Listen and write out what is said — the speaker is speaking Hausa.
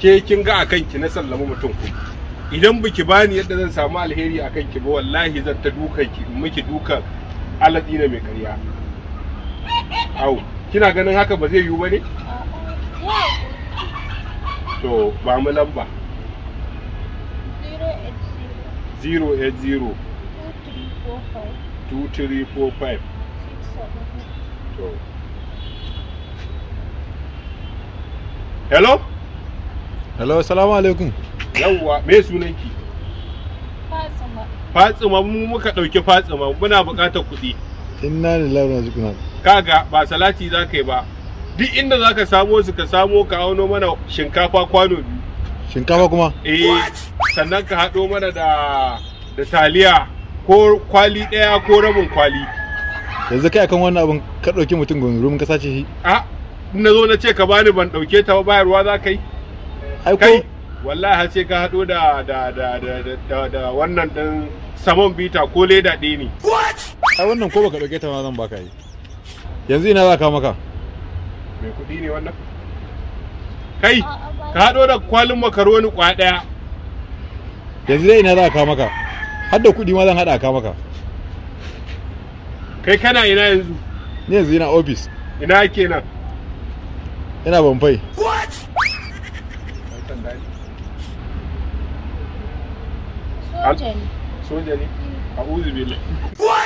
ke kin ga akan ki na sallama mutum ku idan biki bani yadda zan samu alheri akan ki ba wallahi zan ta duka ki miki dukan alatsi na mai ƙarya au kina ganin haka ba zai yiwu ba ne to ba mu lamba 080 2345 2345 hello hello assalamu alaikum yawwa me sunanki fatsuma fatsuma mu muka dauki fatsuma muna buƙatar kuɗi inna lillahi wa inna kaga ba salati za ka yi ba duk inda za ka samo su ka samo ka auno mana shinkafa kwano biyu shinkafa kuma eh sannan ka haɗo mana da da taliya ko kwali ɗaya ko rabin kwali yanzu kai akan wannan abin ka ɗauki mutum gonzuru mun ka sace shi a ah, na zo na ce ka bani ban ɗauke ta ba bayarwa za ka yi kai wallahi sai ka haɗo da da da da da wannan ɗin samon bita ko leda ɗaya ne ai wannan ko baka ɗauke ta ma zan baka yi yanzu ina za ka maka mai kuɗi ne wannan kai ka haɗo da kwalin makaroni kwa ɗaya yanzu dai ina za ka maka har da kuɗi ma zan haɗa ka maka kai kana ina yanzu ni yanzu ina ofis ina kenan ina bamfai wallahi soja ne soja ne mm. a'udhu